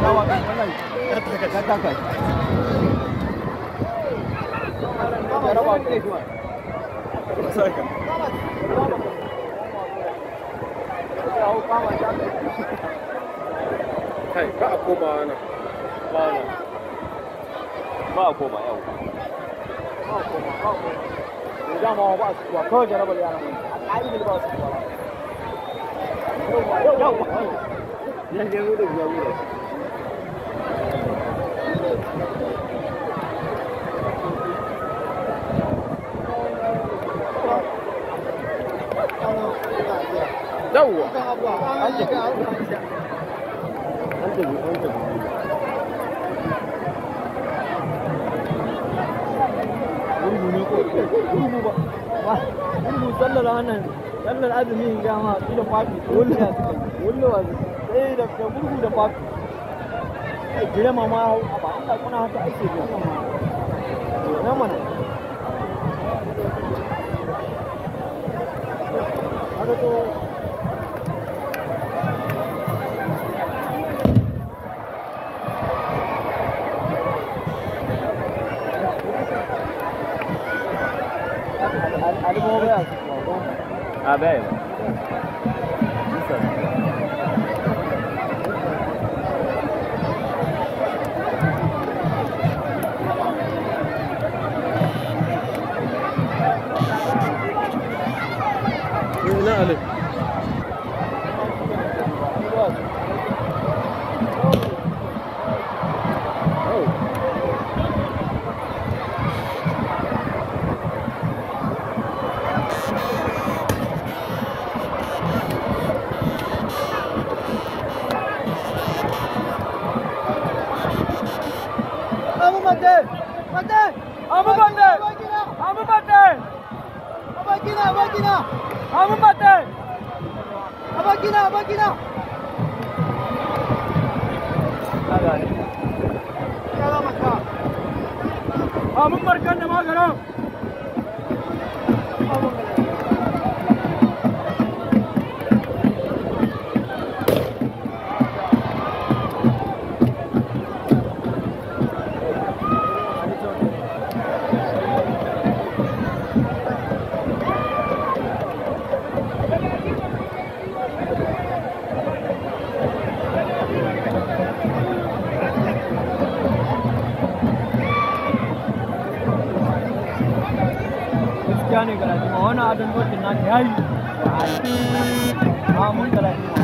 kai ba a koma nan ba nan ba a koma yau ba a koma ba a koma da dama ba a kuwa kawai jarabar yaran a ƙa'idar ba su kuwa yau yau Ya azumi da gemu da. Yawwa. An tafi, an tafi. rubu ba rubu eh da gurgu da fatu jire mama hau ba kuna na mana Ah, Ne Ali? Abu Bandar! Abu Bandar! Vamos bater! Vamos aqui não, vamos aqui não! Vamos bater! Vamos aqui não, vamos aqui não! Agora. Vamos Vamos, नहीं करायची भावानं आदनवर त्यांना घ्यावी हा म्हणून कराती